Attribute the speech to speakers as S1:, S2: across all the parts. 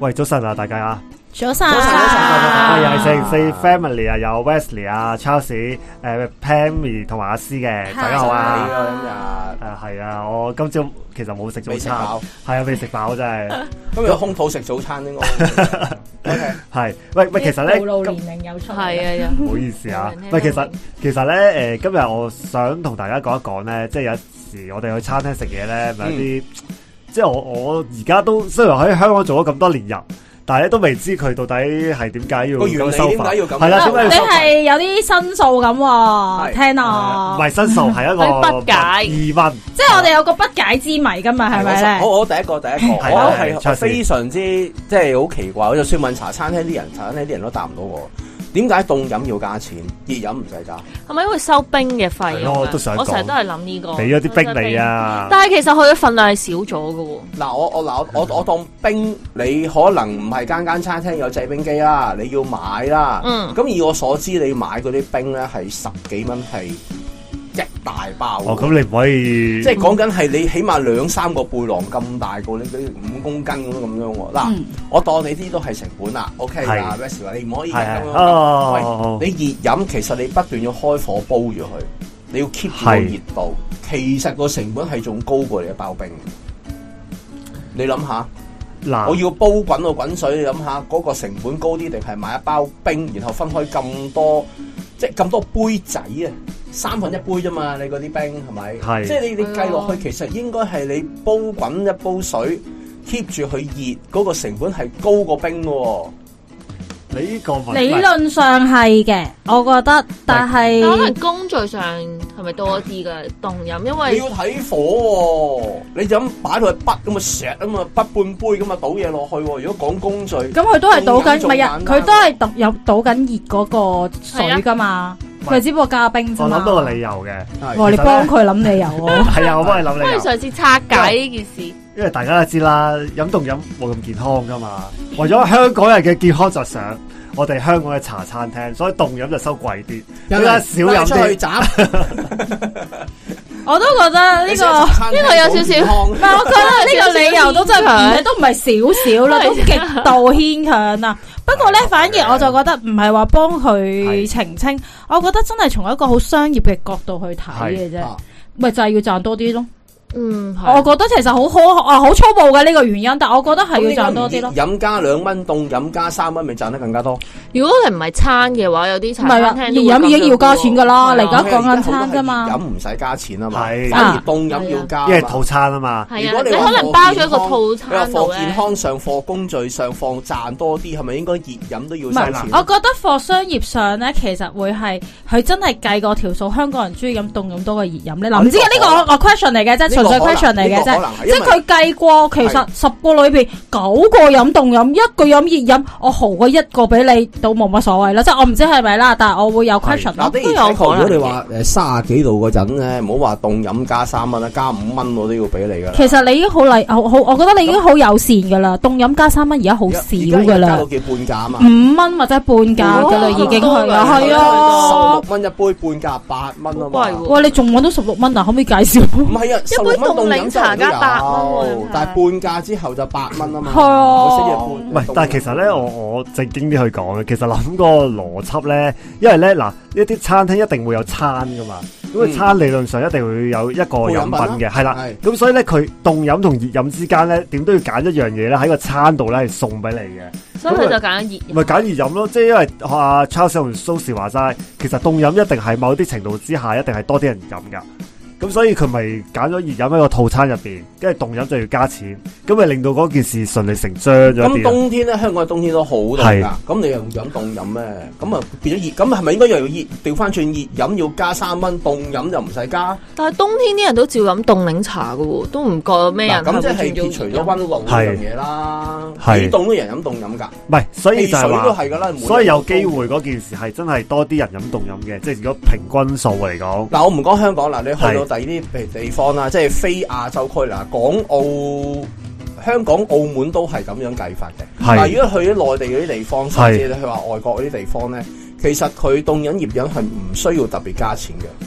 S1: 喂，早晨啊，大家啊，早晨，早晨，早晨。又係404 family 啊，有 Wesley 啊，Charles，誒，Pammy 同埋阿詩嘅，大家好啊，今日啊，係啊，我今朝其實冇食早餐，係啊，未食飽真
S2: 係，今日空肚食早餐應該，
S1: 係，喂喂，其實咧，
S3: 暴露年齡又出嚟，
S1: 係啊，唔好意思啊，喂，其實其實咧，誒，今日我想同大家講一講咧，即係有時我哋去餐廳食嘢咧，咪有啲。即係我我而家都雖然喺香港做咗咁多年人，但係咧都未知佢到底係點解要咁收法。係啦，點解要咁？你係
S3: 有啲申訴咁喎，聽啊！
S1: 唔係申訴，係一個不
S2: 解疑問。
S3: 即係我哋有個不解之謎噶嘛，係咪咧？我我第一個第
S1: 一個，我
S2: 係非常之即係好奇怪，我就算問茶餐廳啲人，茶餐廳啲人都答唔到我。點解凍飲要加錢？熱飲唔使加，
S3: 係咪因為收冰嘅費？係咯，我都想講。我成日都
S2: 係諗呢個，俾咗啲冰，冰你啊！但係其實佢嘅份量係少咗㗎。嗱，我我嗱我我，我當冰，你可能唔係間間餐廳有製冰機啦，你要買啦。嗯，咁以我所知，你買嗰啲冰咧係十幾蚊係。一大包哦，咁你唔可
S1: 以，即係講緊
S2: 係你起碼兩三個背囊咁大個，呢啲五公斤咁樣。嗱，我當你啲都係成本啦，OK 啦。Rex 話你唔可以咁樣，喂，你熱飲其實你不斷要開火煲住佢，你要 keep 住個熱度。其實個成本係仲高過你一包冰。你諗下，嗱，我要煲滾個滾水，你諗下嗰個成本高啲，定係買一包冰然後分開咁多？即係咁多杯仔啊，三分一杯啫嘛，你嗰啲冰係咪？係，是即係你你計落去，其實應該係你煲滾一煲水，keep 住佢熱嗰、那個成本係高過冰喎、哦。個理論
S3: 上係嘅，嗯、我覺得，對 但係是可能
S2: 工序上係咪多啲嘅凍飲？因為你要睇火、哦，你就咁擺落去不咁啊石啊嘛，不半杯咁啊倒嘢落去、哦。如果講工序，咁佢、嗯、都係倒緊，唔係啊，佢都
S3: 係讀有倒緊熱嗰個水噶嘛。對了 嗯佢只不過嘉賓啫，我諗到個理
S2: 由嘅，我幫你幫
S3: 佢諗
S1: 理由，係啊，我幫你諗理由。
S3: 上次拆解呢件事，
S1: 因為大家都知啦，飲凍飲冇咁健康㗎嘛，為咗香港人嘅健康着想。我哋香港嘅茶餐廳，所以凍飲就收貴啲，而家少飲啲。
S3: 我都覺得呢個呢個有少少，唔係我覺得呢個理由都真係，都唔係少少啦，都極度牽強啦！不過咧，反而我就覺得唔係話幫佢澄清，我覺得真係從一個好商業嘅角度去睇嘅啫，咪就係要賺多啲咯。嗯，我覺得其實好好啊，好粗暴嘅呢個原因，但
S2: 我覺得係要賺多啲咯。熱飲加兩蚊，凍飲加三蚊，咪賺得更加多。如果你唔係餐嘅話，有啲唔係啊，熱飲已經要加錢噶啦。你而家講緊餐啫嘛，飲唔使加錢啊嘛。係啊，反而凍飲要加，因為套餐啊嘛。係啊，你可能包咗一個套餐。放健康上，放工序上，放賺多啲，係咪應該熱飲都要加錢？唔係，我
S3: 覺得放商業上咧，其實會係佢真係計過條數。香港人中意飲凍飲多過熱飲咧。唔知呢個個 question 嚟嘅，純粹 question 嚟嘅啫，即係佢計過，其實十個裏邊九個飲凍飲，一個飲熱飲，我豪過一個俾你都冇乜所謂啦。即係我唔知係咪啦，但係我會有 question 咯。嗱，啲折扣如果你話誒
S2: 三十幾度嗰陣咧，唔好話凍飲加三蚊啦，加五蚊我都要俾你噶啦。其實
S3: 你已經好禮，好我我覺得你已經好友善噶啦。凍飲加三蚊而家好少噶啦，加到幾
S2: 半價啊嘛。五
S3: 蚊或者半價噶啦，已經係啦，係啊，十六蚊一杯半
S2: 價八蚊
S3: 啊嘛。喂，你仲搵到十六蚊啊？可唔可以
S2: 介紹？凍檸茶加百蚊，但係半價之後就八蚊啊嘛。
S1: 係啊，唔係， 但係其實咧，我我正經啲去講嘅，其實諗個邏輯咧，因為咧嗱，一啲餐廳一定會有餐噶嘛，咁佢、嗯、餐理論上一定會有一個飲品嘅，係啦。咁所以咧，佢凍飲同熱飲之間咧，點都要揀一樣嘢咧喺個餐度咧係送俾你嘅。所以
S3: 佢就揀熱，咪
S1: 揀熱飲咯。即係因為阿、啊、Charles 同 Sosze 話齋，其實凍飲一定係某啲程度之下，一定係多啲人飲噶。咁所以佢咪揀咗熱飲喺個套餐入邊，跟住凍飲就要加錢，咁咪令到嗰件事順理成章咗啲。咁冬天
S2: 咧，香港嘅冬天都好凍㗎，咁是你又唔飲凍飲咩？咁啊變咗熱，咁係咪應該又要熱？調翻轉熱飲要加三蚊，凍飲就唔使加。但
S3: 係冬天啲人都照飲凍檸茶㗎喎，都唔覺咩人。咁即係撇除咗
S2: 溫度呢樣嘢啦，凍都人飲凍飲㗎，唔係所以水都係㗎啦。所以有機會嗰件事係真係多啲人飲凍飲嘅，即係如果平均數嚟講。嗱、啊、我唔講香港啦，你去到。第啲譬地方啦，即係非亞洲區啦，港澳、香港、澳門都係咁樣計法嘅。係是，但如果去啲內地嗰啲地方，甚至是去話外國嗰啲地方咧，其實佢凍飲熱飲係唔需要特別加錢嘅。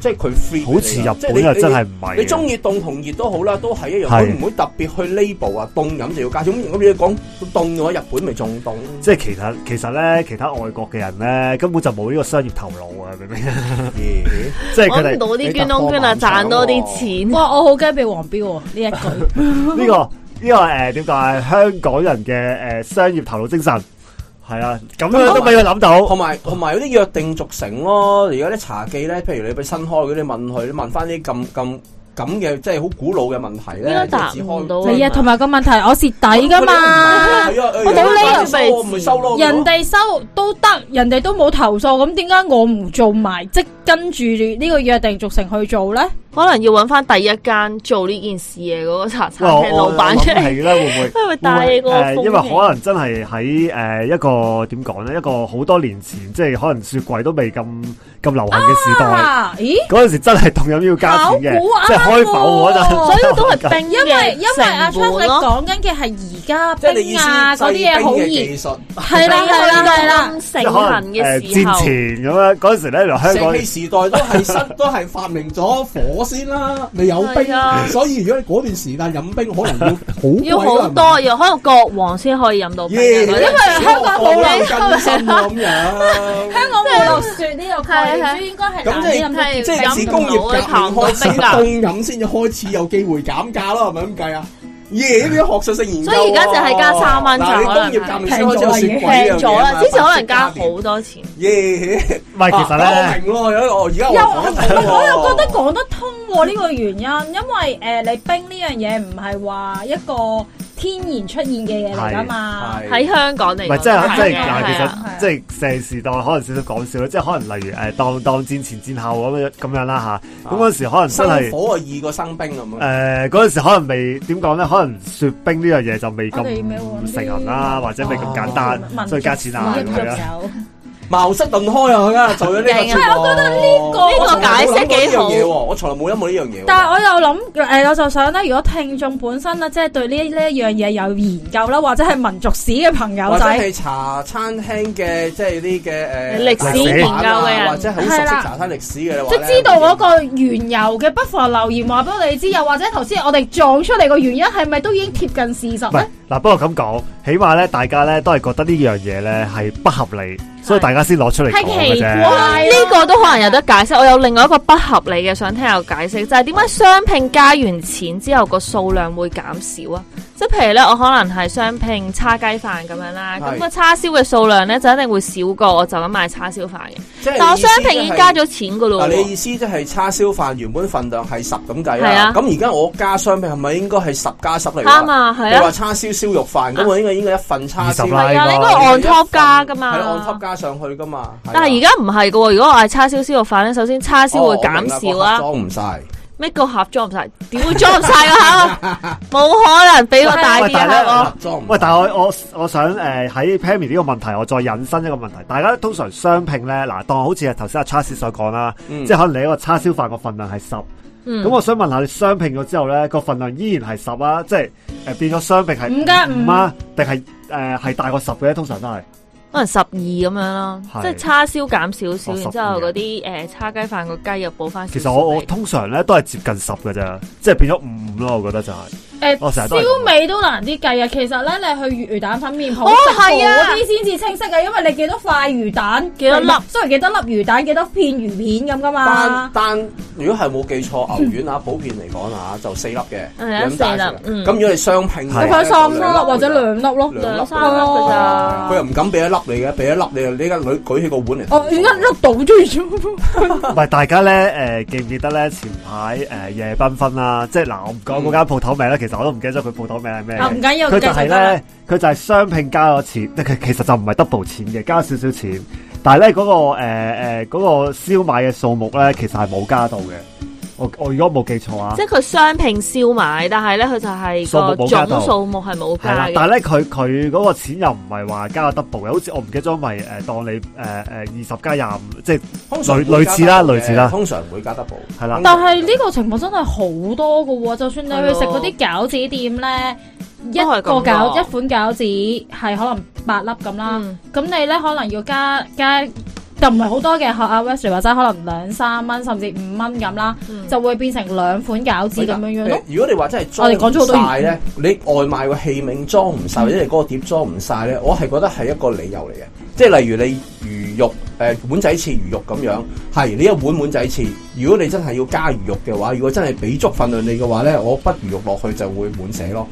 S2: 即係佢 free 嚟嘅，即係你是是你你中意凍同熱都好啦，都係一樣。佢唔是會特別去 label 啊，凍飲就要加。咁如果你講凍嘅話，日本咪仲凍。即係其，其實其實咧，其他外國
S1: 嘅人咧，根本就冇呢個商業頭腦啊！明明，yeah, 即係佢哋攞啲捐窿捐啊，
S3: 賺多啲錢。哇！我好驚俾黃標呢、啊、一句。
S1: 呢個呢、這個誒點
S2: 解？香港人嘅誒商業頭腦精神。係啊，咁樣都俾佢諗到。同埋同埋嗰啲約定俗成咯，而家啲茶記咧，譬如你畀新開嗰啲，問佢你問翻啲咁咁咁嘅，即係好古老嘅問題咧，都答唔到。你啊呀，同
S3: 埋呀個問題， 我蝕底噶嘛，啊哎、我冇理由咪是人哋收都得，人哋都冇投訴，咁點解我唔做埋，即跟住呢個約定俗成去做咧？可能要揾翻第一間做呢件事嘅嗰個茶餐廳老闆出嚟，
S1: 因為帶個風味。誒，因為可能真係喺誒一個點講咧，一個好多年前，即係可能雪櫃都未咁咁流行嘅時代。咦？嗰陣時真係凍飲要加錢嘅，即係開爆嗰陣。所以都係冰，因為因為阿昌
S3: 你講緊嘅係而家。即係你意思係冰嘅技術係啦，係啦，係啦，咁成文嘅
S1: 時候。誒，戰前咁樣嗰陣時咧，香港。蒸汽時
S2: 代都係新，都係發明咗火。先啦，未有冰，啊。所以如果嗰段時代飲冰可能要好貴，可多，
S3: 又可能國王先可以飲到冰，因為 Yeah, 香港冇冰咁樣，香港冇落雪呢度，睇
S2: 睇
S3: 應該係咁即係，即係自工業嘅行業開始凍
S2: 飲先，開始有機會減價咯，係咪咁計啊？耶！依家、yeah, 學術性研究、啊，所以而家就係加三蚊就可能平咗，平咗啦！之前可能加好多錢。耶 Yeah, 啊！唔係，其實咧、啊，我明咯、啊，我而家我又
S3: 覺得講得通呢、啊呢個原因，因為誒、呃，你冰呢樣嘢唔係話一個。天然出現嘅嘢嚟噶嘛，喺香港嚟。唔係即係即係，但其實即
S1: 係成時當可能少少講笑咯，即係可能例如誒，當當戰前戰後咁樣咁樣啦吓，咁嗰時可能真係火
S2: 啊，易過生冰咁。誒，
S1: 嗰陣時可能未點講咧，可能雪冰呢樣嘢就未咁成人啦，或者未咁簡單，所以加錢啊咁樣。
S2: 茅塞頓開啊！佢啊，做咗呢個，係我覺得呢個
S1: 呢個解釋幾好。
S2: 我從來冇諗過呢樣嘢。但係
S3: 我又諗，誒，我就想咧，如果聽眾本身咧，即係對呢呢一樣嘢有研究啦，或者係民族史嘅朋友仔，或者係
S2: 茶餐廳嘅即係呢嘅誒歷史研究嘅人，係嘅即係知道嗰
S3: 個原由嘅，不妨留言話俾我哋知。又或者頭先我哋撞出嚟個原因係咪都已經貼近事實咧？
S1: 嗱，不過咁講，起碼咧，大家咧都係覺得呢樣嘢咧係不合理，的所以大家先攞出嚟講係奇怪，
S3: 呢個都可能有得解釋。我有另外一個不合理嘅，想聽有解釋，就係點解雙拼加完錢之後個數量會減少啊？即係譬如咧，我可能係雙拼叉雞飯咁樣啦，咁個是叉燒嘅數量咧就一定會少過我就咁買叉燒飯嘅。但係、即係、我雙拼已經加咗錢噶啦喎。你
S2: 意思即係叉燒飯原本份量係十咁計啊？係啊。咁而家我加雙拼係咪應該係十加十嚟？啱啊，係啊。你話叉燒燒肉飯咁我應該、啊、應該一份叉燒。唔係啊，啊，你應該 on top 加噶嘛。係 on、啊、top 加上去噶嘛。
S3: 啊、但係而家唔係噶喎，如果我係叉燒燒肉飯咧，首先叉燒會減少啊。裝唔晒。咩個盒裝唔晒？點會裝唔晒啊？吓，冇可能俾我大啲啦！
S1: 我喂，但係我我我想誒喺、呃、Pammy 呢個問題，我再引申一個問題。大家通常雙拼咧，嗱，當好似頭先阿 Charles 所講啦，嗯、即係可能你一個叉燒飯個份量係十、嗯，咁、嗯、我想問下你雙拼咗之後咧個份量依然係十啊？即係誒、呃、變咗雙拼係五加五啊？定係誒係大過十嘅？通常都係。
S3: 可能十二咁樣咯，是即係叉燒減少少，哦、然之後嗰啲誒叉雞飯個雞肉補翻少少。其
S1: 實我來我通常咧都係接近十噶咋，即係變咗五五咯，我覺得就係、是。誒，燒
S3: 味都難啲計啊！其實咧，你去魚魚蛋粉麵鋪嗰啲先至清晰嘅，因為你幾多塊魚蛋，幾多粒，雖然幾多粒魚蛋，幾多片魚片咁噶嘛。但
S2: 如果係冇記錯，牛丸啊，普遍嚟講啊，就四粒嘅咁大嘅。咁如果你雙拼係三
S3: 粒或者兩粒咯，兩粒三粒
S2: 咋？佢又唔敢俾一粒你嘅，俾一粒你啊！你而家舉舉起個碗嚟，哦，
S3: 一粒倒住咗。
S2: 喂，大家咧誒，記唔記得咧？前
S1: 排誒夜繽紛啦，即係嗱，我唔講嗰間鋪頭名啦，其實。其實我都唔記得咗佢報到名，哦，係咩？佢就係咧，佢就係雙拼加咗錢，即係其實就唔係 double 錢嘅，加少少錢。但係咧，嗰個誒誒嗰個燒賣嘅數目咧，其實係冇加到嘅。我我如果冇記錯啊，即係
S3: 佢雙拼燒賣，但係咧佢就係個總數目係冇加啦，加的但係咧
S1: 佢佢嗰個錢又唔係話加 double 嘅，好似的我唔記得咗咪誒當你誒誒、呃、二十加廿五，即係類類似啦，類似啦。通常會加 double。係啦。但係
S3: 呢個情況真係好多㗎喎，就算你去食嗰啲餃子店咧，的一個餃一款餃子係可能八粒咁啦，咁、嗯、你咧可能要加加。就唔係好多嘅，學阿 Wesley 話齋，可能兩三蚊，甚至五蚊咁啦，嗯、就會變成兩款餃子咁樣樣。
S2: 如果你話真係裝唔晒咧，你外賣個器皿裝唔晒，或者係嗰個碟裝唔晒咧，我係覺得係一個理由嚟嘅。即係例如你魚肉誒、呃、碗仔翅魚肉咁樣，係你一碗碗仔翅。如果你真係要加魚肉嘅話，如果真係俾足份量你嘅話咧，我不魚肉落去就會滿瀉咯。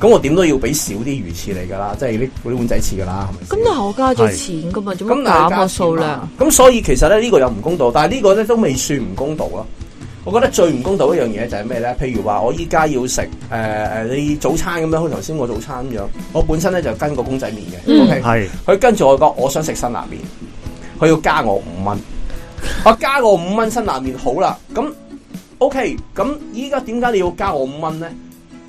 S2: 咁我點都要俾少啲魚翅嚟㗎啦，即係啲啲碗仔翅㗎啦。咁你
S3: 係我加咗錢㗎嘛？做乜減個
S2: 數量？咁所以其實咧呢個又唔公道，但係呢個咧都未算唔公道咯。我覺得最唔公道一樣嘢就係咩咧？譬如話我依家要食誒誒你早餐咁樣，好似頭先我早餐咁樣，我本身咧就跟個公仔麵嘅。O K 係佢跟住我講，我想食辛辣麵，佢要加我五蚊。 我加我五蚊辛辣麵好啦。咁 O K，咁依家點解你要加我五蚊咧？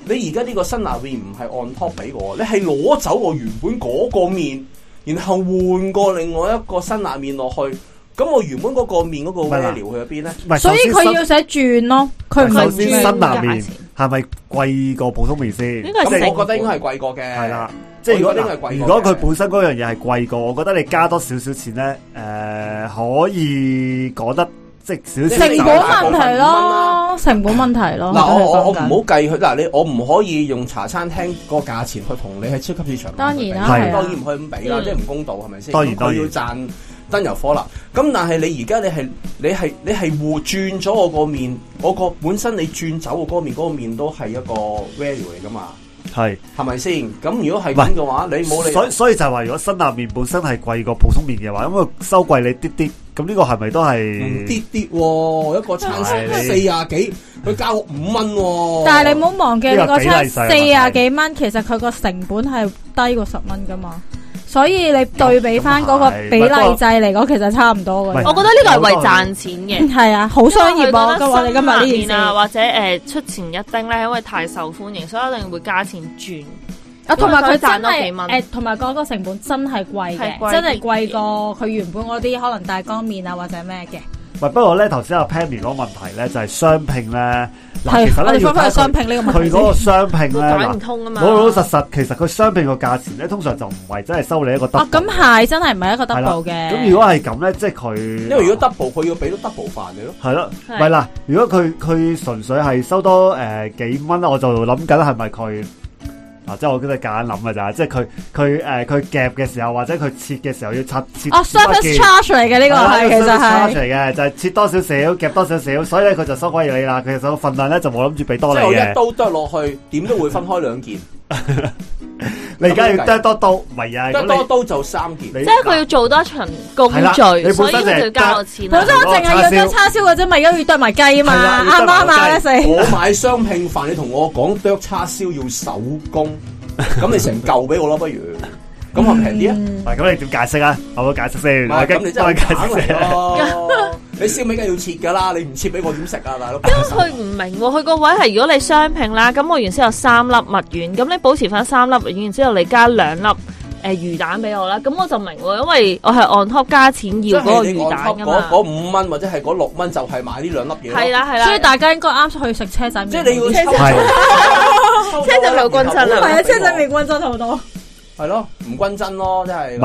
S2: 你而家呢個辛辣麵唔係按 top 俾我，你係攞走我原本嗰個麵，然後換過另外一個辛辣麵落去，咁我原本嗰個麵嗰個咩料去咗邊咧？所以佢要寫轉咯，佢唔係辛辣麵
S1: 係咪貴過普通麵先？咁我覺
S2: 得應該係貴過嘅。係啦，即係啦如果如果佢
S1: 本身嗰樣嘢係貴過，我覺得你加多少少錢咧，
S2: 誒、呃，可以講得即少少成本問題
S3: 咯。成本問題咯。嗱，我我我唔好
S2: 計佢。嗱，你我唔可以用茶餐廳嗰個價錢去同你喺超級市場。當然啦，係當然唔可以咁比啦，嗯、即係唔公道，係咪先？當然都要賺燈油火啦。咁但係你而家你係你係你係互轉咗我個麵，我個本身你轉走個麵，嗰、嗰個面都係一個 value 嚟㗎嘛？係係咪先？咁如果係咁嘅話，是你冇你所以所
S1: 以就係話，如果辛辣麵本身係貴過普通麵嘅話，因、那、為、個、收貴你啲啲。咁呢個係咪都係啲跌？嗯
S2: 點點喔、一個餐、嗯、四是 啊幾，佢加我五蚊。但係你唔好忘記你個餐四啊
S3: 幾蚊，其實佢個成本係低過十蚊噶嘛，所以你對比翻嗰個比例制嚟講，其實差唔多嘅。我覺得呢個係為賺錢嘅，係、嗯、啊，好商業啊。我哋今日呢件啊，或者誒、呃、出前一丁咧，因為太受歡迎，所以一定會加錢轉。啊，同埋佢賺到幾蚊，誒，同埋嗰個成本真係貴嘅，貴點點真係貴過佢原本嗰啲可能大光麵啊或者咩嘅。
S1: 喂，不過我咧頭先阿 Penny 個問題咧，就係雙拼咧，嗱、啊、其實咧 要返返去雙拼呢個問題，佢嗰個雙拼咧，講唔 通啊嘛，老老、啊、實實其實佢雙拼個價錢咧，通常就唔係真係收你一個 double，咁
S3: 係真係唔係一個 double 嘅。咁如果
S1: 係咁咧，即係佢，因為如果
S2: double，佢要俾到 double 飯你咯，係咯，係啦。
S1: 如果佢佢純粹係收多誒、呃、幾蚊我就諗緊係咪佢。啊！即係我都係夾硬諗噶咋，即係佢佢誒，佢夾嘅時候或者佢切嘅時候要拆切。切哦，surface charge 嚟嘅呢個係、啊、其實係 charge 嚟嘅，就係切多少少，夾 多少少，所以咧佢就，收就分開你啦。其實個份量咧就冇諗住俾多你嘅。即係我一刀
S2: 剁落去，點都會分開兩件。 你而家要剁多刀，咪係啊，多刀就三件，即係佢
S3: 要做多一場工序，所以咧要交我錢。本身我淨係要剁叉燒嘅啫，咪而家要剁埋雞嘛，
S2: 啱啱嘛？我買雙拼飯，你同我講剁叉燒要手工，咁你成嚿俾我咯，不如？咁我平啲啊！嗱，咁你點解釋啊？我會解釋先，我咁你真係解釋先。你燒味梗要切噶啦，你唔切俾我點食啊，大佬？因為佢
S3: 唔明喎，佢個位係如果你雙拼啦，咁我原先有三粒墨丸，咁你保持翻三粒墨丸，然之後你加兩粒誒魚蛋俾我啦，咁我就明喎，因為我係 on top 加錢
S2: 要嗰個魚蛋噶嘛。嗰嗰五蚊或者係嗰六蚊就係買呢兩粒嘢，係啦，
S3: 係啦。所以大家應該啱出去食車仔麵，即係你要
S2: 係車仔麵均真啦，係啊，車仔麵均真好多。係咯，唔均真咯，即係，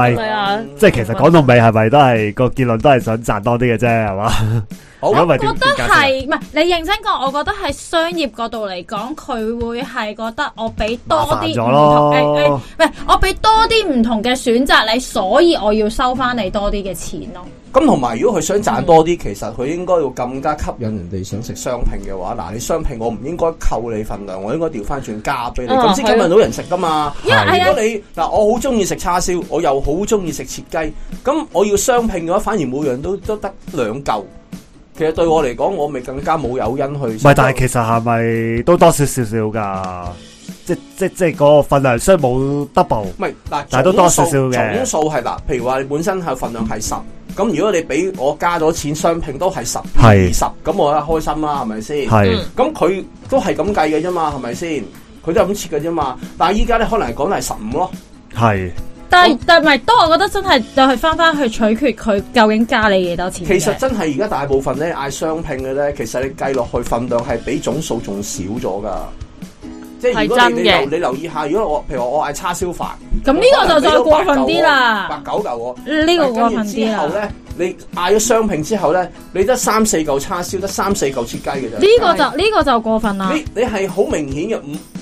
S2: 即係其實講到
S1: 尾係咪都係，個結論都係想賺多啲嘅啫，係嘛？ 好我覺得係唔係？
S2: 你認真講，我
S3: 覺得係商業角度嚟講，佢會係覺得我俾多啲唔同
S2: 嘅、
S3: 哎哎，我俾多啲唔同嘅選擇你，所以我要收翻你多啲嘅錢咯。
S2: 咁同埋，如果佢想賺多啲，嗯、其實佢應該要更加吸引人哋想食雙拼嘅話，嗱，你雙拼我唔應該扣你份量，我應該調翻轉加俾你，咁先吸引到人食噶嘛。係啊的，如果你嗱，我好中意食叉燒，我又好中意食切雞，咁我要雙拼嘅話，反而每樣都都得兩嚿。其實對我嚟講，我咪更加冇誘因去。唔係，
S1: 但係其實係咪都多少少少噶？即即即係個份量，雖然冇 double。唔係
S2: 嗱，但係都多少少嘅。總數係嗱，譬如話你本身係份量係十，咁如果你俾我加咗錢雙拼都係十二十，咁我覺得開心啦，係咪先？係是。咁佢都係咁計嘅啫嘛，係咪先？佢都係咁切嘅啫嘛。但係依家咧，可能係講係十五咯。係。
S3: 但但唔係，都我覺得真係又係翻翻去取決佢究竟加你幾多錢的。其實真係而家
S2: 大部分咧嗌雙拼嘅咧，其實你計落去份量係比總數仲少咗㗎。即係如果你留你留意下，如果我譬如我嗌叉燒飯，咁呢個就再過分啲啦，八九嚿喎，呢個過分啲啊！咁然之後咧，你嗌咗雙拼之後咧，你得三四嚿叉燒，得三四嚿切雞嘅啫。呢個就
S3: 呢個就過分啦。你
S2: 你係好明顯嘅，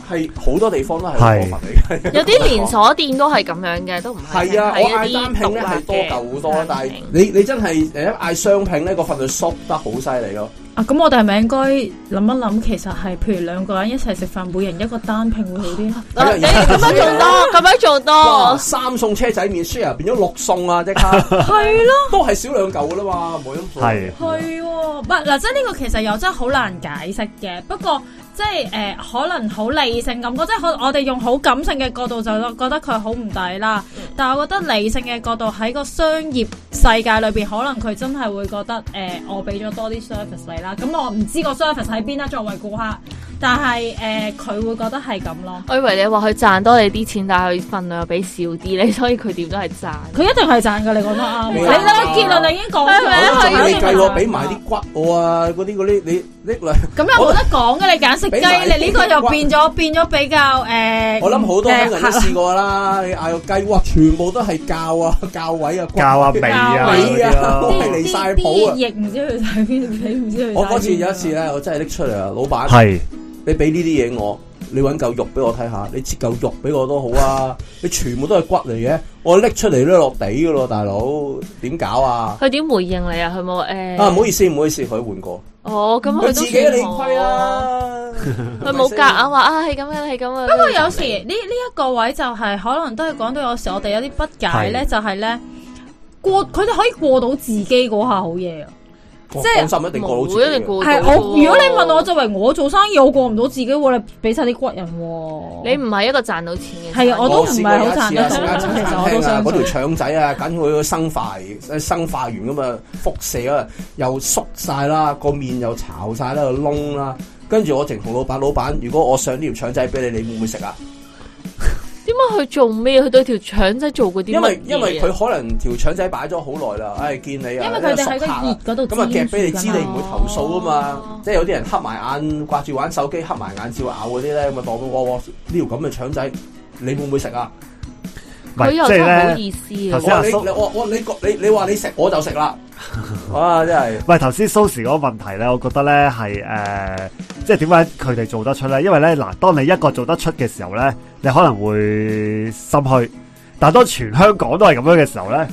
S2: 係好多地方都係過分嚟嘅。有啲連鎖
S3: 店都係咁樣嘅，都唔係。係啊，我嗌單拼咧係多嚿好多，但
S2: 係你你真係誒嗌雙拼咧，個份量縮得好犀利咯。
S3: 啊，咁我哋係咪應該諗一諗？其實係譬如兩個人一齊食飯，每人一個單拼會好啲。咁樣、
S2: 啊、 做多，咁樣做多。 三餸車仔麵 share 變咗六餸啊！即刻。係咯 啦。都係少兩嚿噶啦嘛，冇咁。係、啊。
S3: 係，唔、嗯、嗱，即係呢個其實又真係好難解釋嘅。不過。即係誒、呃，可能好理性咁，即係我我哋用好感性嘅角度就覺得佢好唔抵啦。但係我覺得理性嘅角度喺個商業世界裏邊，可能佢真係會覺得誒、呃，我俾咗多啲 service 你啦。咁我唔知個 service 喺邊啦，作為顧客。但係誒，佢、呃、會覺得係咁咯。 我以為你話佢賺多你啲錢，但係佢份量又俾少啲，所以佢點都係賺。佢一定係賺噶，你講得啱。你兩個結論就已經講咗。好，是是你計我
S2: 俾埋啲骨我啊，嗰啲啲你。咁又冇得
S3: 講嘅？你揀食雞，你呢個就變咗變咗比較誒。我諗好多香港人都試過
S2: 啦，你嗌個雞哇，全部都係教啊、教位啊、教啊鼻啊嗰啲。邊邊邊翼唔知佢睇邊，你唔知佢。
S3: 我嗰次有一
S2: 次咧，我真係拎出嚟啊，老闆係，你俾呢啲嘢我，你揾嚿肉俾我睇下，你切嚿肉俾我都好啊。你全部都係骨嚟嘅，我拎出嚟都落地噶咯，大佬點搞啊？
S3: 佢點回應你啊？佢冇誒啊！唔好意
S2: 思，唔好意思，佢換過。
S3: 哦，咁佢都自己理虧啦，佢冇夾硬話 啊，係咁樣，係咁樣。 不過有時呢呢一個位就係、是、可能都係講到有時我哋有啲不解咧，的就係咧過佢哋可以過到自己嗰下好嘢。
S2: 即係冇，係我。如果你問我
S3: 作為我做生意，我過唔到自己喎，俾晒啲骨人喎。哦、你唔係一個賺到錢，賺錢，我都唔係好賺。我都
S2: 想、啊。嗰條腸仔啊，緊佢 生化，生化完咁啊，輻射啊，又縮晒啦，個面又炒晒啦，又燶啦，跟住我直同老闆，老闆，如果我上呢條腸仔俾你，你會唔會食啊？
S3: 佢做咩？佢對條腸仔做嗰啲乜嘢？因為因為佢
S2: 可能條腸仔擺咗好耐啦，哎見你啊，因為佢哋喺個熱
S3: 嗰度，咁啊夾俾你知，你
S2: 唔會投訴啊嘛。啊即係有啲人黑埋眼，掛住玩手機，黑埋眼照咬嗰啲咧，咪當佢「我我呢條咁嘅腸仔，你會唔會食啊？即係咧，頭先你我我你你你話你食我就食啦，哇真係。
S1: 唔頭先 Sosze 嗰個問題咧，我覺得咧係誒，即係點解佢哋做得出咧？因為咧嗱，當你一個做得出嘅時候咧。你可能會心虛，但當全香港都係咁樣嘅時候咧，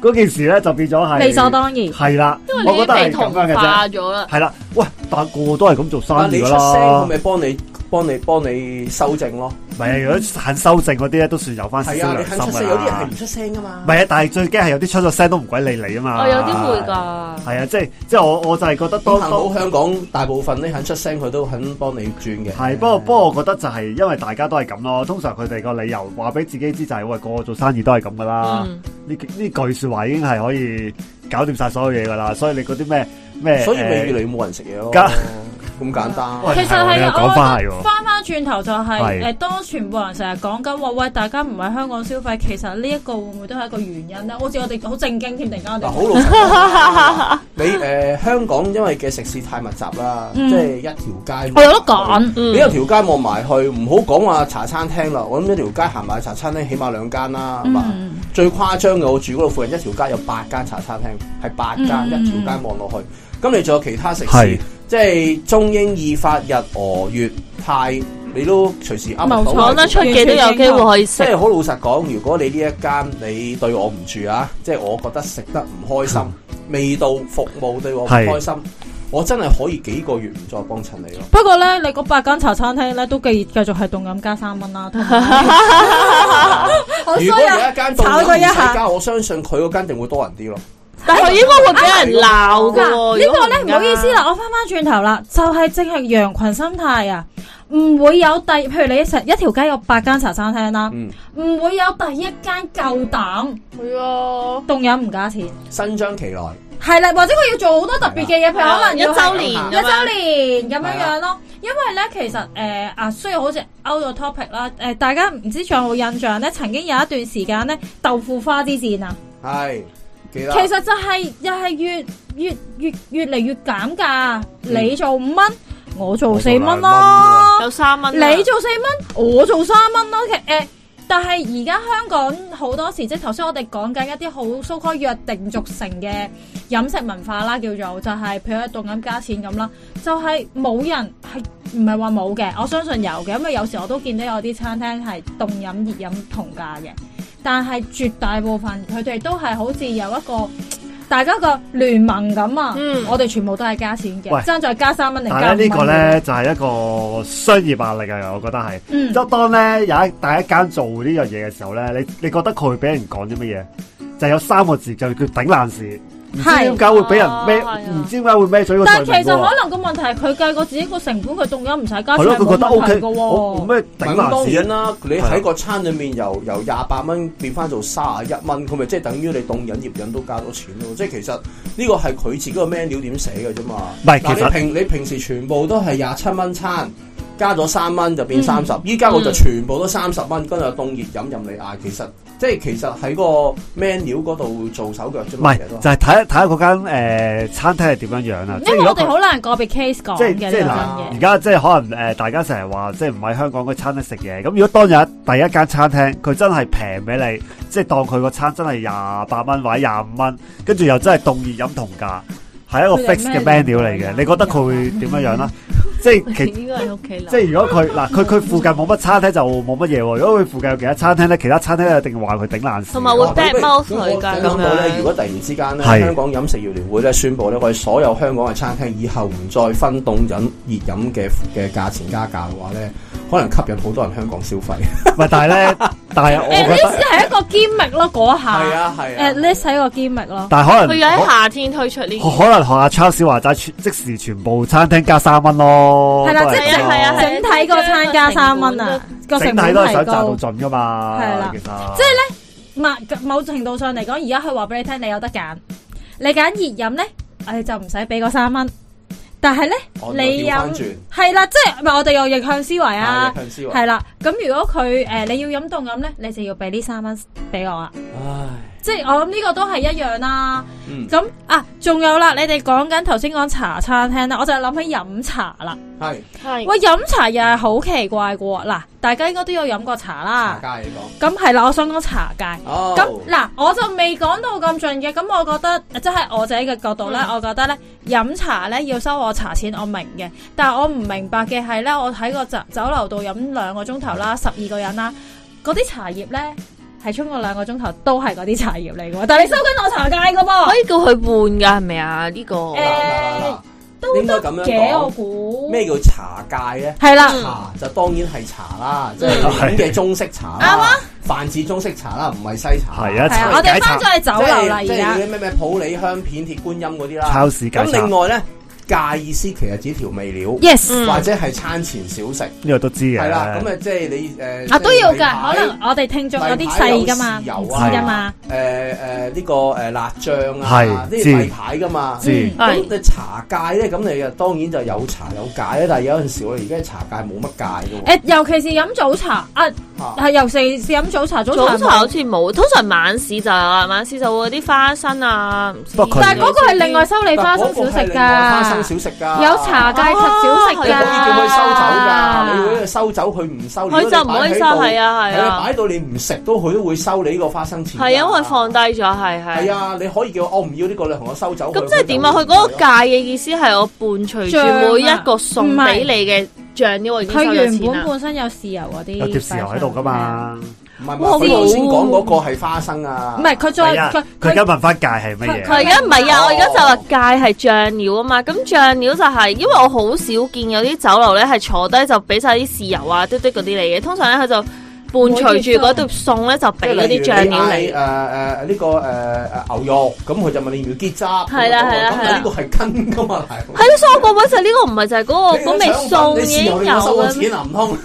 S1: 嗰件事咧就變咗係理所當然。係啦了，因為我覺得係咁樣嘅啫。係啦，喂，大家個個都係咁做生意啦。你出聲，我咪
S2: 幫你。幫你幫你修正咯，係啊！如果
S1: 肯修正嗰啲咧，都算有翻少少良心噶、啊。你肯出聲，有啲人係唔出
S2: 聲噶嘛，唔
S1: 係啊！但係最驚係有啲出咗聲都唔鬼理你啊嘛。哦、啊，有啲會噶。係啊，即係即係我我就係覺得當，當好香港大部分咧肯出聲，佢都肯幫你轉嘅。係，不過不過我覺得就係、是，因為大家都係咁咯。通常佢哋個理由話俾自己知就係、是，喂、哎，個個做生意都係咁噶啦。呢呢、嗯、句說話已經係可以搞掂晒所有嘢噶啦。所以你嗰啲咩咩，所以咪越嚟越冇人
S2: 食嘢咯。 覺 咁簡單，其實係我覺得翻
S3: 翻轉頭就係誒，當全部人成日講緊話，喂，大家唔喺香港消費，其實呢一個會唔會都係一個原因咧？好似我哋好正經添，突然間。嗱，好老實
S2: 講，你誒香港因為嘅食肆太密集啦，即係一條街。我有得揀，你一條街望埋去，唔好講話茶餐廳啦。我諗一條街行埋茶餐廳，起碼兩間啦。咁啊，最誇張嘅，我住嗰度附近一條街有八間茶餐廳，係八間一條街望落去。咁你仲有其他食肆。即係中英意法日俄越泰，你都隨時啱啱，冇得錯出嘅都有機會可以食。即係好老實講，如果你呢一間你對我唔住啊，即係我覺得食得唔開心， 味道服務對我唔開心，是我真係可以幾個月唔再幫襯你咯。
S3: 不過咧，你嗰八間茶餐廳咧都繼繼續係凍飲加三蚊啦。如果有一間炒過一下，
S2: 我相信佢嗰間定會多人啲咯。但係應該會俾人鬧噶。呢個咧，唔好意思啦，我
S3: 翻翻轉頭啦，就係正係羊群心態啊，唔會有第，譬如你一成一條街有八間茶餐廳啦，唔會有第一間夠膽。係啊，凍飲唔加錢，新張期內係啦，或者佢要做好多特別嘅嘢，譬如可能一周年、一周年咁樣樣咯。因為咧，其實誒啊，雖然好似 out 咗 topic 啦，誒，大家唔知仲有冇印象咧，曾經有一段時間咧，豆腐花之戰啊，
S2: 係。其實就
S3: 係又係越越越越嚟越減價，嗯、你做五蚊，我做四蚊咯，3 有三蚊，你做四蚊，我做三蚊咯。誒、okay, 呃，但係而家香港好多時，即係頭先我哋講緊一啲好 so-called 約定俗成嘅飲食文化啦，叫做就係、是、譬如凍飲加錢咁啦，就係、是、冇人係唔係話冇嘅，我相信有嘅，因為有時我都見到有啲餐廳係凍飲熱飲同價嘅。但係絕大部分佢哋都係好似有一個大家個聯盟咁啊，嗯、我哋全部都係加錢嘅，爭再喂加三蚊零。而家呢個咧就係、
S1: 是、一個商業壓力啊，我覺得係。即係、嗯、當咧有一第一間做呢樣嘢嘅時候咧，你你覺得佢會俾人講啲乜嘢？就是、有三個字就叫佢頂爛市。
S2: 係，唔知點解會俾人孭，唔、啊、知點解會孭咗個，但其實可
S3: 能個問題係佢計過自己個成本，佢凍飲唔使加，係咯，佢覺得 O K 嘅喎。
S2: 咩頂埋？當然啦都，你喺個餐裏面由由廿八蚊變翻做卅一蚊，佢咪的即係等於你凍飲、熱飲都加咗錢咯。即係其實呢個係佢自己個 menu 點寫嘅啫嘛。唔係，嗱你平你平時全部都係廿七蚊餐。加咗三蚊就變三十、嗯，依家我就全部都三十蚊，嗯、跟住凍熱飲任你嗌、啊。其實即係其實喺個 menu 嗰度做手腳啫，唔係，就係睇
S1: 睇下嗰間、呃、餐廳係點樣樣啦。因為我哋
S3: 好難個別 case 講即係難嘅。而
S1: 家即係可能誒、呃，大家成日話即係唔喺香港嗰餐廳食嘢。咁如果當日第一間餐廳佢真係平俾你，即、就、係、是、當佢個餐真係廿八蚊或者廿五蚊，跟住又真係凍熱飲同價。係一個 fix 嘅 menu 嚟嘅，你覺得佢會點樣樣啦？ 即係其 即係如果佢，嗱，佢佢附近冇乜餐廳就冇乜嘢。如果佢附近有其他餐廳
S2: 咧，其他餐廳一定話佢頂難，同埋會 bad mouth 佢噶咁樣。宣布咧，如果突然之間咧，是的 香港飲食業聯會咧宣布咧，我哋所有香港嘅餐廳以後唔再分凍飲、熱飲嘅嘅價錢加價嘅話咧，可能吸引好多人香港消費，唔但係咧，但係我覺得
S3: 係一個 gimmick 咯，嗰下係啊係誒，呢個係一個 gimmick 咯。但係可能佢喺夏天推出呢啲，可
S1: 能學阿 Charles 話齋即時全部餐廳加三蚊咯。係啦，即係啊，整
S3: 體個餐加三蚊啊，個成本都係想賺到
S1: 盡㗎嘛。係啦，即係
S3: 咧，某程度上嚟講，而家佢話俾你聽，你有得揀，你揀熱飲咧，你就唔使俾個三蚊。但係咧，你有係啦，即係我哋又逆向思維啊，啊，係啦。咁如果佢誒、呃、你要飲凍飲咧，你就要俾呢三蚊俾我啊唉。即係我諗呢個都係一樣啦。咁啊，仲、嗯啊、有啦，你哋講緊頭先講茶餐廳啦，我就諗起飲茶啦。係係，喂，飲茶又係好奇怪嘅喎。嗱，大家應該都有飲過茶啦。咁係啦，我想講茶界。咁嗱，我就未講到咁盡嘅。咁我覺得，即係我仔嘅角度咧，嗯、我覺得咧，飲茶咧要收我茶錢，我明嘅。但係我唔明白嘅係咧，我喺個酒酒樓度飲兩個鐘頭啦，十二個人啦，嗰啲茶葉咧。係沖過兩個鐘頭都係嗰啲茶葉嚟嘅喎，但你收緊落茶界嘅噃，可以叫佢換㗎係咪啊？呢個，
S2: 都
S3: 應該咁樣嘅，我估
S2: 咩叫茶界咧？係啦，茶就當然係茶啦，即係飲嘅中式茶啦，泛指中式茶啦，唔係西茶係啊。我哋翻咗去酒樓啦，而家咩咩普洱香片、鐵觀音嗰啲啦，炒市介。咁另外咧。芥意思其實只係調味料，yes，或者係餐前小食，呢個都知嘅。係啦，咁啊，即係你誒啊都要㗎，可能我哋聽
S3: 咗嗰啲細㗎嘛，
S2: 豉油啊，誒誒呢個誒辣醬啊，啲例牌㗎嘛。咁嘅茶芥咧，咁你啊當然就有茶有芥啦。但係有陣時我而家茶芥冇乜芥嘅。
S3: 誒，尤其是飲早茶啊，係尤其是飲早茶，早茶好似冇，通常晚市就啦，晚市就會啲花生啊，但係嗰個係另外收你花生小食㗎。少食噶，有茶芥、極小食嘅，可
S2: 以叫佢收走噶。你如果收走佢唔收，佢就唔可以收。係啊係啊，擺到你唔食都，佢都會收你呢個花生錢。係因為放低咗，係係。係啊，你可以叫我唔要呢個，你同我收走。咁即係點啊？佢嗰個
S3: 芥嘅意思係我伴隨住每一個送俾你嘅醬料。佢原本本身有豉油嗰啲，
S1: 有啲豉油喺度噶嘛。
S2: 唔係我頭先講嗰個係花生啊，唔係佢再
S1: 佢而家問翻芥係乜嘢。佢而
S3: 家唔係啊，我而家就話芥係醬料啊嘛。咁醬料就係、是、因為我好少見有啲酒樓咧係坐低就俾晒啲豉油啊，啲啲嗰啲嚟嘅。通常咧佢就。伴隨住嗰碟
S2: 餸咧，就俾嗰啲醬料。你誒誒呢個誒誒牛肉，咁佢就問你要結紮。係啦，係啦，咁啊呢個係根㗎嘛？題。係，
S3: 所以我個位就呢個唔係就係嗰個本味餸已經有啊。唔通。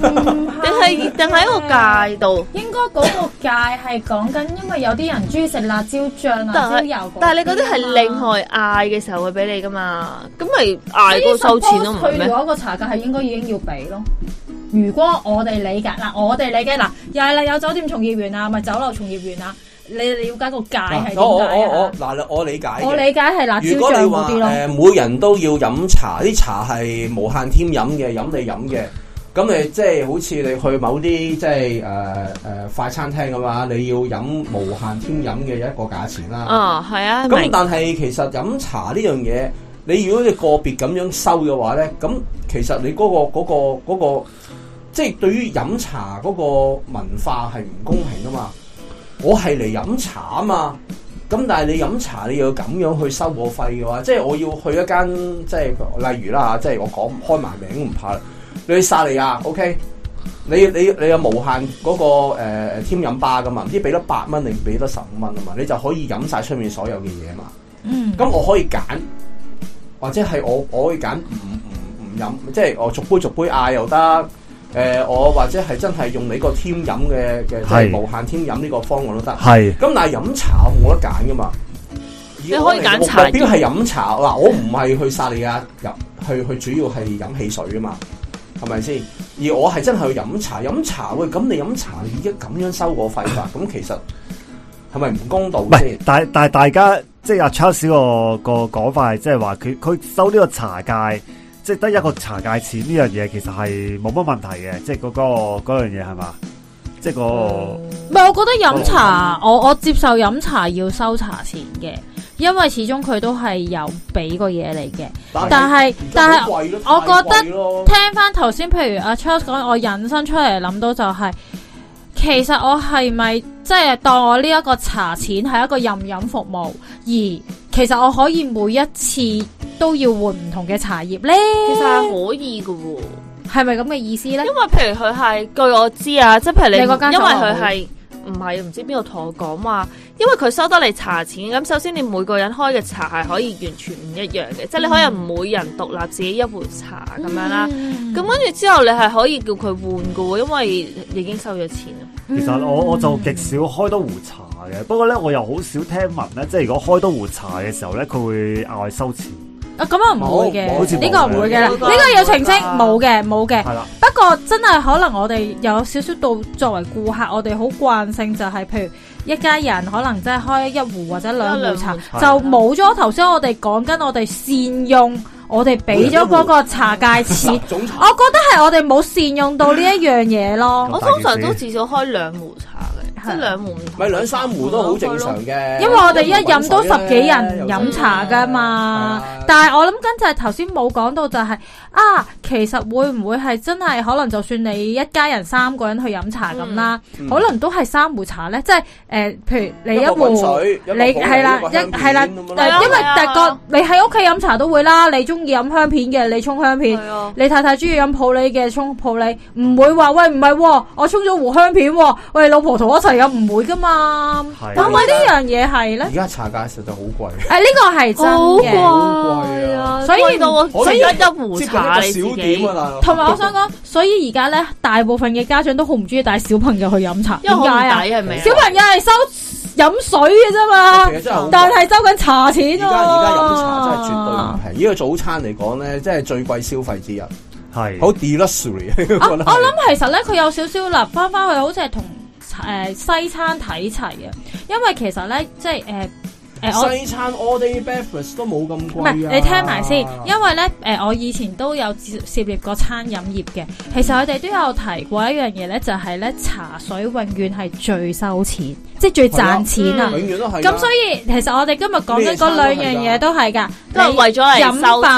S3: 定係定係一個界度。應該嗰個界係講緊，因為有啲人中意食辣椒醬、辣椒油。但係你嗰啲係另外嗌嘅時候會俾你噶嘛？咁咪嗌都收錢都唔咩？退個茶價係應該已經要俾咯。如果我哋理解嗱，我哋理解嗱，又係例如有酒店從業員啊，咪酒樓從業員啊，你了解個界係點解嘅？我我我我
S2: 嗱，我理解。我理解係辣椒
S3: 醬嗰啲咯。如果你話誒、呃，
S2: 每人都要飲茶，啲茶係無限添飲嘅，飲你飲嘅，咁誒，即係好似你去某啲即係誒誒快餐廳咁啊，你要飲無限添飲嘅一個價錢啦。哦、
S3: 啊，係啊那。咁是但
S2: 係其實飲茶呢樣嘢，你如果你個別咁樣收嘅話咧，咁其實你嗰個嗰個嗰個。即係對於飲茶嗰個文化係唔公平噶嘛？我係嚟飲茶啊嘛，咁但係你飲茶你要咁樣去收我費嘅話，即係我要去一間即係例如啦，即係我講開埋名唔怕啦。你去薩莉亞，OK？你你你有無限嗰個誒誒添飲吧噶嘛？唔知俾多八蚊定俾多十五蚊啊嘛？你就可以飲晒出面所有嘅嘢嘛？嗯，咁我可以揀或者係我我可以揀唔唔唔飲，即係我逐杯逐杯嗌啊又得。誒、呃，我或者係真係用你個添飲嘅嘅即無限添飲呢個方案都得。係咁是，但係飲茶冇得揀噶嘛。你可以揀茶。目標係飲茶嗱，的我唔係去薩莉亞入去去，去主要係飲汽水噶嘛，係咪先？而我係真係去飲茶，飲茶喎，咁你飲茶你已經咁樣收我費㗎，咁 其實係咪唔公道先？
S1: 但但係大家即係阿 Charles 個個講法，即係話佢佢收呢個茶界。即係得一個茶芥錢，呢樣嘢，其實係冇乜問題嘅，即係、那、嗰個嗰樣嘢係嘛，即係、那個。唔係、嗯，我
S3: 覺得飲茶，嗯、我我接受飲茶要收茶錢嘅，因為始終佢都係有俾個嘢嚟嘅。但係是但係是，我覺得聽返頭先，譬如阿 Charles 講，我引申出嚟諗到就係、是，其實我係咪即係當我呢一個茶錢係一個任飲服務，而其實我可以每一次。都要換唔同嘅茶葉咧，其實係可以嘅喎、哦，係咪咁嘅意思咧？因為譬如佢係據我知啊，即係譬如你，你因為佢係唔係唔知邊度同我講話，因為佢收得你茶錢，咁首先你每個人開嘅茶係可以完全唔一樣嘅，嗯、即係你可以唔每人獨立自己一壺茶咁、嗯、樣啦。咁跟住之後，你係可以叫佢換嘅喎，因為已經收咗錢了。嗯、其實我我就
S1: 極少開多壺茶嘅，不過咧我又好少聽聞咧，即係如果開多壺茶嘅時候咧，佢會額外收錢。
S3: 咁啊唔會嘅，呢個唔會嘅啦，呢個有澄清，冇嘅冇嘅。的不過真係可能我哋有少少到作為顧客，我哋好慣性就係譬如一家人可能真係開一壺或者兩壺茶，壺啊、就冇咗頭先我哋講緊我哋善用我哋俾咗嗰個茶介紹，我，我覺得係我哋冇善用到呢一樣嘢咯。 我通常都至少開兩壺茶。
S2: 咪兩三壺都好正常嘅，因為我哋一飲都十幾人
S3: 飲茶㗎嘛。嗯、但係我諗跟就係頭先冇講到就係、是、啊，其實會唔會係真係可能就算你一家人三個人去飲茶咁啦，嗯、可能都係三壺茶咧。即係誒、呃，譬如你一壺水，你係啦一係啦，因為特個你喺屋企飲茶都會啦。你中意飲香片嘅，你沖香片；啊、你太太中意飲普洱嘅，沖普洱。唔會話喂，唔係，我沖咗壺香片喎。喂老婆同我有唔會噶嘛？但係呢樣嘢係咧，而
S2: 家茶價實在
S3: 好貴。誒，呢個係真嘅，好貴啊！所以我所以一壺茶少點啊，大佬。同埋我想講，所以而家咧，大部分嘅家長都好唔中意帶小朋友去飲茶。點解啊？小朋友係收飲水嘅啫嘛，但係收緊茶錢。而家而家
S2: 飲茶真係絕對唔平。呢個早餐嚟講咧，真係最貴消費之一，係好 delusory。我諗
S3: 其實咧，佢有少少啦，翻翻去好似係同。誒、呃，西餐睇齊嘅，因為其實咧，即係誒、誒、
S2: 呃，西餐 all、呃、我 day breakfast 都冇咁貴，你聽埋先，因
S3: 為咧，誒、呃，我以前都有涉涉獵過餐飲業嘅，其實我哋都有提過一樣嘢咧，就係、是、咧茶水永遠係最收錢，即係最賺錢啊！啊嗯、永遠都係咁、啊，所以其實我哋今日講緊嗰兩樣嘢都係噶，都係為咗係飲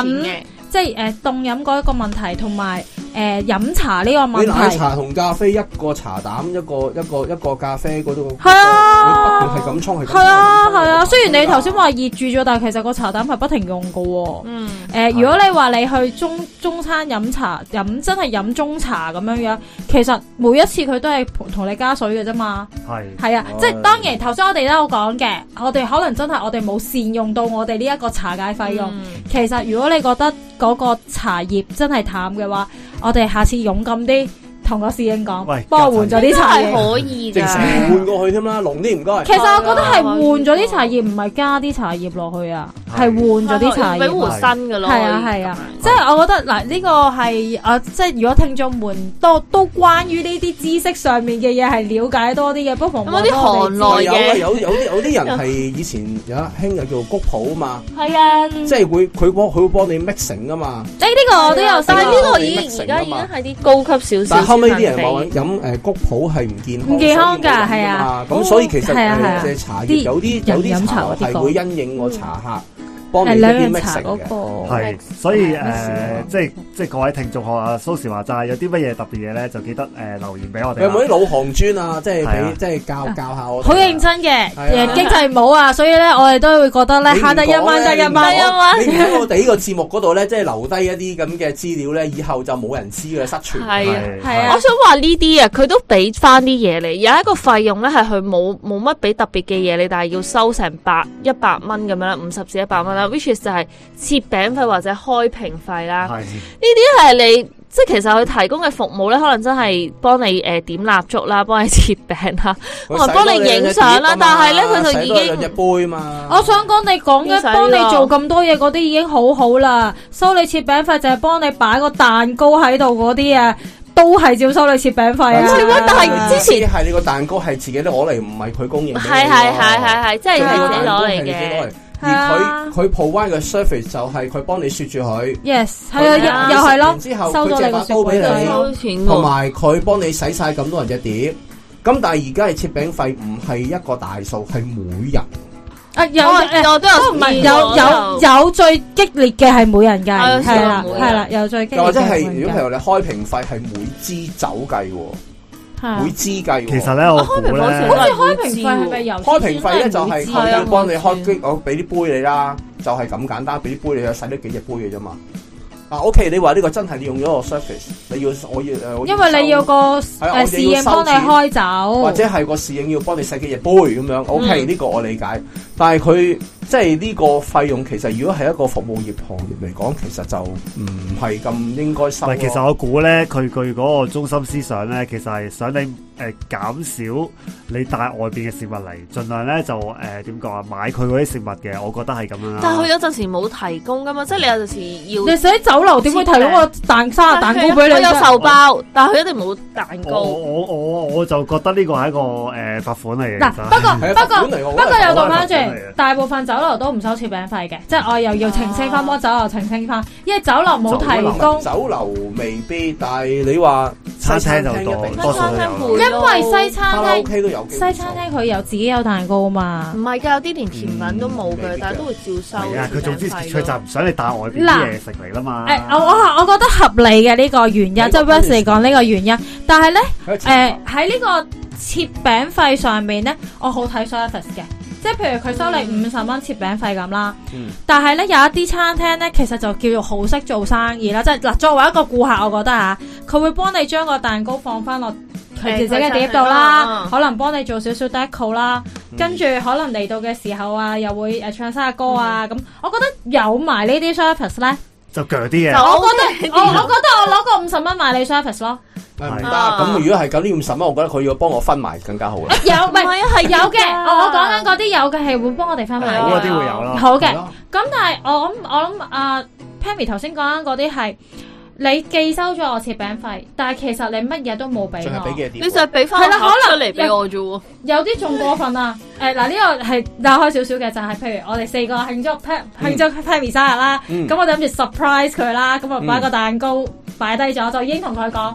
S3: 品，為為即係誒凍飲嗰一個問題同埋。誒，飲茶呢個問題，你奶茶
S2: 同咖啡一個茶膽一個一個一個咖啡嗰種係啊，你不停係咁沖係，係
S3: 啊係啊。雖然你頭先話熱住咗，但係其實個茶膽係不停用噶。嗯，誒，如果你話你去中中餐飲茶，飲真係飲中茶咁樣樣，其實每一次佢都係同你加水嘅啫嘛。係，係啊，即係當然，頭先我哋都有講嘅，我哋可能真係我哋冇善用到我哋呢一個茶芥費用。其實如果你覺得嗰個茶葉真係淡嘅話，我哋下次勇敢啲。同個侍應講：幫換咗啲茶係可以㗎，換
S2: 過去添啦，濃啲唔該。其實我覺得係換
S3: 咗啲茶葉，唔係加啲茶葉落去啊，係換咗啲茶葉，俾換新㗎咯。係啊係啊，即係我覺得嗱，呢個係啊，即係如果聽眾們多都關於呢啲知識上面嘅嘢係了解多啲嘅，不妨問多啲行內嘅。有有啲有啲人係
S2: 以前有興有做菊普啊嘛，係啊，即係會佢幫佢會幫你 mix 成㗎嘛。你呢個都有，但係呢個已而
S3: 家已經係啲高級少所以啲人話
S2: 飲誒菊普係唔健康，唔健
S3: 康㗎，係啊，
S2: 咁所以其實係即係茶葉有，人有啲有啲茶係會因應我茶客。
S1: 幫你一啲乜嘢食嘅，係，所以誒，即係即係各位聽眾學啊，蘇時話齋有啲乜嘢特別嘢咧，就記得誒留言俾我哋。有冇啲老行專啊？即係俾
S2: 即係教教下我。好
S3: 認真嘅，人經濟唔好啊，所以咧我哋都會覺得咧慳得一蚊得一蚊一蚊。喺我
S2: 哋呢個節目嗰度咧，即係留低一啲咁嘅資料咧，以後就冇人知嘅失傳。係
S3: 啊係啊！我想話呢啲啊，佢都俾翻啲嘢嚟。有一個費用咧，係佢冇冇乜俾特別嘅嘢你，但係要收成百一百蚊咁樣啦，五十至一百蚊啦。which Wow. 就係、是、切餅費或者開瓶費啦，呢啲係你即係其實佢提供嘅服務咧，可能真係幫你誒點蠟燭啦，幫你切餅啦，同埋幫你影相啦，但係咧佢就已經兩杯嘛。杯嘛我想講你講嘅幫你做咁多嘢嗰啲已經好好啦，收你切餅費就係幫你擺個蛋糕喺度嗰啲啊，都係照收你切餅費啊。唔但係之前
S2: 係你個蛋糕係自己攞嚟，唔係佢供應。係係係係係，即係係自己攞嚟嘅。而佢佢 provide 嘅 service 就係佢幫你雪住佢
S3: ，yes 係啊，又係咯。之後收咗把刀俾你，同埋
S2: 佢幫你洗晒咁多人隻碟。咁但係而家係切餅費唔係一個大數，係每人。
S3: 啊有啊，我都有，都唔係有有有最激烈嘅係每人計，係啦係啦，有最激烈。或者係，如果譬
S2: 如你開瓶費係每支酒計。會知計、哦、其實咧我估咧，開好似開瓶費係咪由？開瓶費咧就係佢要幫你開，開我俾啲杯你啦，就係、是、咁簡單，俾杯你去洗啲幾隻杯嘅啫嘛。嗱，O K，你話呢個真係你用咗個 service 你要我要因為你要
S3: 個誒侍應幫你開酒，或者
S2: 係個侍應要幫你洗幾隻杯咁樣。O K，呢個我理解，但係佢。即係呢個費用，其實如果係一個服務業行業嚟講，其實就唔係咁應該收。其實我估
S1: 咧，佢佢個中心思想咧，其實係想你誒減少你帶外邊嘅食物嚟，盡量咧就誒點講啊，買佢嗰啲食物嘅。我覺得係咁樣。但係佢有
S3: 陣時冇提供噶嘛，即係你有陣時要。你喺酒樓點會提供個生日蛋糕俾你？有壽包，但係佢一定冇蛋糕。
S1: 我我我就覺得呢個係一個誒罰
S2: 款嚟嘅。嗱，不過不過不過又倒翻轉，
S3: 大部分酒。酒樓都唔收切餅費嘅，即係我又要澄清翻，我酒樓澄清翻，因為酒樓冇提供。
S2: 酒樓未必，但係你話西餐廳，西餐廳因為西餐廳
S3: 西餐廳佢有自己有蛋糕嘛，唔係噶，有啲連甜品都冇嘅，但係都
S2: 會
S1: 照收。佢總之佢就唔想你帶外邊啲嘢食嚟啦嘛。
S3: 誒，我我覺得合理嘅呢個原因，即係 service 嚟講呢個原因。但係咧，誒喺呢個切餅費上面咧，我好睇 service 嘅。即係譬如佢收你五十蚊切餅費咁啦，嗯、但係咧有一啲餐廳咧，其實就叫做好識做生意啦。即係嗱，作為一個顧客，我覺得吓，佢、啊、會幫你將個蛋糕放翻落佢自己嘅碟度啦，嗯嗯、可能幫你做少少 deco 啦，跟住可能嚟到嘅時候啊，又會誒唱生日歌啊咁。嗯、我覺得有埋呢啲 service 咧，
S2: 就強啲嘅。我覺
S3: 得 Okay. 我，我覺得我攞個五十蚊買你 service 咯。
S2: 係啊，咁如果係九點五十蚊，我覺得佢要幫我分埋更加好。
S3: 有，唔係，係有嘅。我講緊嗰啲有嘅係會幫我哋分埋。有啲會有啦。好嘅，咁但係我諗，我諗阿 Pammy 頭先講緊嗰啲係，你既收咗我切餅費，但係其實你乜嘢都冇俾我，俾幾多？你就俾翻係啦，可能出嚟俾我啫。有啲仲過分啊！誒，嗱，呢個係打開少少嘅，就係譬如我哋四個慶祝 Pam 慶祝 Pammy 生日啦。咁我諗住 surprise 佢啦，咁啊擺個蛋糕擺低咗，就已經同佢講。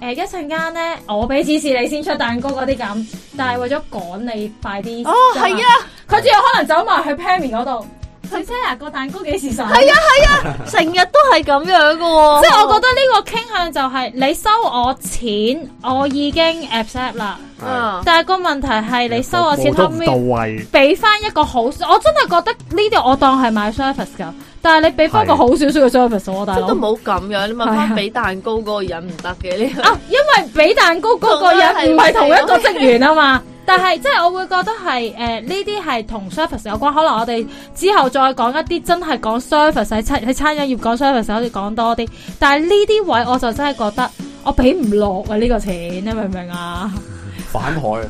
S3: 誒一瞬間呢，我俾指示你先出蛋糕嗰啲咁，但係為咗趕你快啲。哦，係嘛啊，佢仲有可能走埋去，去 Pammy 嗰度。小車啊，個蛋糕幾時上？係啊係啊，成日都係咁樣噶。即係我覺得呢個傾向就係你收我錢，我已經 accept 啦。嗯。但係個問題係你收我錢，後尾俾翻一個好，我真係覺得呢啲我當係買 service 噶。但係你俾翻個好少少嘅 service，我大佬。都冇咁樣，你問翻俾蛋糕嗰個人唔得嘅呢？啊，因為俾蛋糕嗰個人唔係同一個職員啊嘛。但係即係我會覺得係誒，呢啲係同 service 有關，可能我哋之後再講一啲真係講 service 喺餐喺餐飲業講 service 可以講多啲。但係呢啲位我就真係覺得我俾唔落啊，呢個錢，你明唔明啊？
S2: 反海，啊，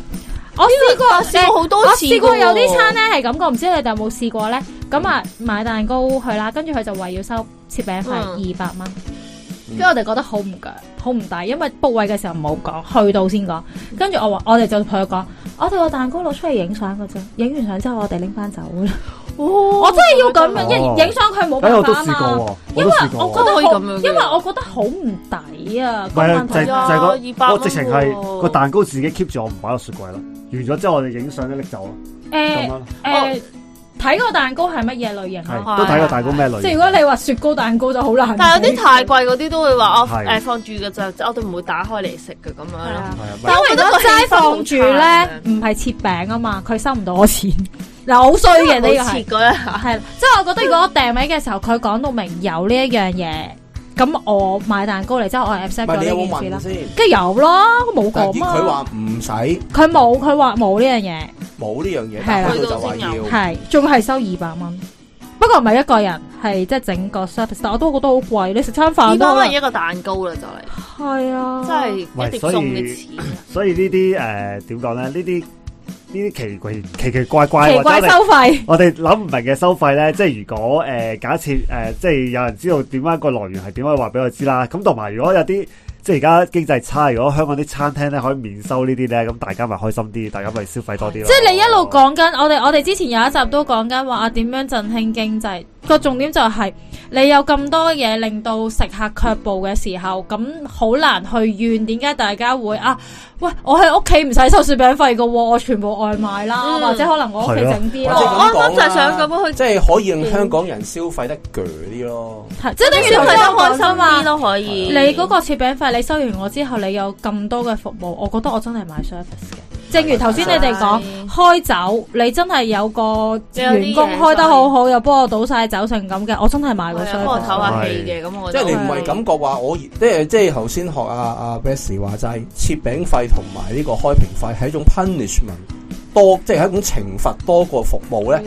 S3: 我試過試過好多次。我試過有啲餐咧係咁，我唔知你哋有冇試過咧。咁啊買蛋糕去啦，跟住佢就話要收切餅費二百蚊。嗯跟住我哋覺得好唔夾，好唔抵，因為 book 位嘅時候冇講，去到先講。跟住我話，我哋就同佢講，我哋個蛋糕攞出嚟影相嘅啫，影完相之後我哋拎翻走。哦，我真係要咁樣，影影相佢冇辦法啊嘛。因為我覺得可以好，因為我覺得好唔抵啊。唔係啊，就我直情係個
S1: 蛋糕自己 keep 住，我唔擺喺雪櫃啦。完咗之後我哋影相咧拎走啦。
S3: 誒，誒。睇個蛋糕係乜嘢類型？都睇個蛋糕咩類型？即係如果你話雪糕蛋糕就好難。但係有啲太貴嗰啲都會話哦，誒對 放住嘅就我都唔會打開嚟食嘅咁樣。對 對 因為如果齋放住咧，唔係切餅啊嘛，佢收唔到我錢。嗱， 好衰嘅切呢個係。即係我覺得如果我訂位嘅時候，佢講到明有呢一樣嘢。咁我買蛋糕嚟，即係我係 accept 咗呢件事啦，跟有咯，冇講乜。佢話
S2: 唔使，
S3: 佢冇，佢話冇呢樣嘢，
S2: 冇呢樣嘢，係佢就話要，係
S3: 仲係收二百蚊，不過唔係一個人，係即係整個 service，但係我都覺得好貴，你食餐飯都，而家係一個蛋糕啦，就嚟，係啊，真係一碟餸嘅錢。
S1: 所以呢啲誒點講咧？呢啲呢啲奇奇奇奇怪怪、怪，奇怪收費， 我哋諗唔明嘅收費咧，即係如果誒、呃、假設誒、呃，即係有人知道點樣個來源係點樣，話俾我知啦。咁同埋如果有啲，即係而家經濟差，如果香港啲餐廳咧可以免收呢啲咧，咁大家咪開心啲，大家咪消費多啲咯。即係你
S3: 一路講緊，我哋我哋之前有一集都講緊話點樣振興經濟，個重點就係、是。你有咁多嘢令到食客卻步嘅時候，咁好難去怨點解大家會啊？喂，我喺屋企唔使收雪餅費個，我全部外賣啦，嗯、或者可能我屋企整啲咯。啱啱、啊啊、就係想咁
S2: 樣去，啊、即係可以令香港人消費得鋸啲咯。
S3: 即係你消費得開心啲、啊啊、都可以。啊、你嗰個雪餅費，你收完我之後，你有咁多嘅服務，我覺得我真係買 service 嘅。正如頭先你哋講，的開酒你真係有個員工開得好好，的又幫我倒晒酒成咁嘅，我真係買個雙。的幫我唞下喜嘅咁，的我即係你唔係感
S2: 覺話我即係即係頭先學阿、啊、阿、啊、Bessy 話齋，切餅費同埋呢個開瓶費係一種 punishment 多，即、就、係、是、一種懲罰多過服務咧。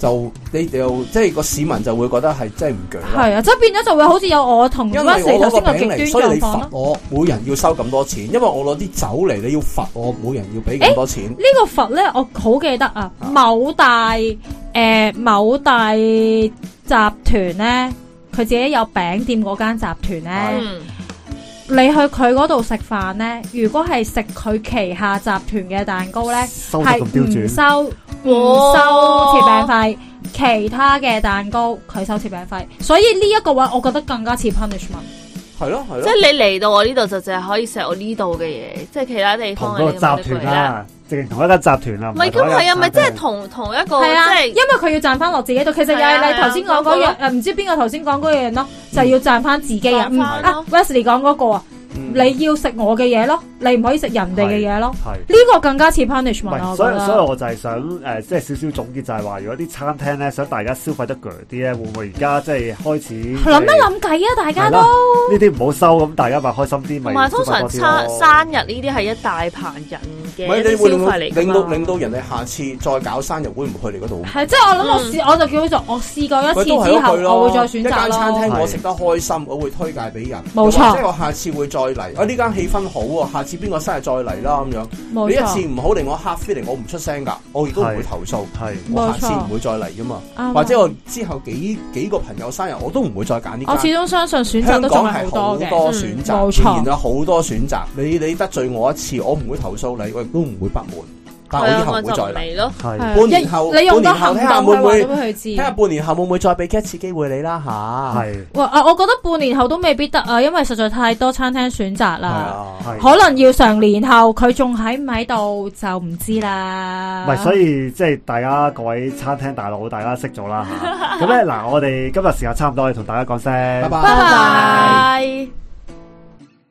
S2: 就你就即係個市民就會覺得係真係唔強，係
S3: 啊，即係變咗就會好似有我同嗰啲食就先係極端。因為我攞個餅嚟，所以你
S2: 罰我每人要收咁多錢，因為我攞啲酒嚟，啊、你要罰我每人要俾咁多錢。欸這
S3: 個，呢個罰咧，我好記得啊。啊某大誒、呃、某大集團咧，佢自己有餅店嗰間集團咧，嗯、你去佢嗰度食飯咧，如果係食佢旗下集團嘅蛋糕咧，係唔收標準。唔收切餅費，其他嘅蛋糕佢收切餅費，所以呢一個位我覺得更加似 punishment，係咯係咯，即係你嚟到我呢度就淨係可以食我呢度嘅嘢，即係其他地方。同集團啦，
S1: 即係同一間集團啦。唔係咁係啊，咪即係
S3: 同同一個係啊，因為佢要賺翻落自己度。其實又係你頭先講嗰樣，誒唔知邊個頭先講嗰樣咯，就要賺翻自己人。啊 Wesley 講嗰個啊。你要食我嘅嘢咯，你唔可以食人哋嘅嘢咯。係呢個更加似 punishment 所以所以我
S1: 就係想誒，即係少少總結就係話，如果啲餐廳咧想大家消費得鋸啲咧，會唔會而家即係開始諗一諗
S3: 計啊？大家都
S1: 呢啲唔好收，咁大家咪開
S2: 心啲咪？唔係通常差生
S3: 日呢啲係一大棚人嘅消費嚟。令
S2: 到令到人哋下次再搞生日會唔會去你嗰度？係即係我諗我試，
S3: 我就叫做我試過一次之後，我會再選擇。一間餐廳我食得
S2: 開心，我會推介俾人。冇錯，即係我下次會再嚟啊！呢間氣氛好喎、啊，下次邊個生日再嚟啦咁樣。冇錯你一次唔好令我 hard feeling，我唔出聲噶，我亦都唔會投訴。係，我下次唔會再嚟噶嘛。冇錯或者我之後幾幾個朋友生日，我都唔會再揀呢間。我始終相
S3: 信選,選擇都仲係好多嘅，固、
S2: 嗯、然有好多選擇。你你得罪我一次，我唔會投訴你，我亦都唔會不滿。係啊，我就嚟咯，係是半年後，你用半年後睇下會唔會，睇會下半年後會唔會再俾一次機會你啦吓，係。
S3: 我的我覺得半年後都未必得啊，因為實在太多餐廳選擇啦，可能要成年後佢仲喺唔喺度就唔知啦。
S1: 唔係，所以即係大家各位餐廳大佬，大家識咗 啦。咁咧嗱，我哋今日時間差唔多，要同大家講聲， 拜拜。Bye bye. Bye bye.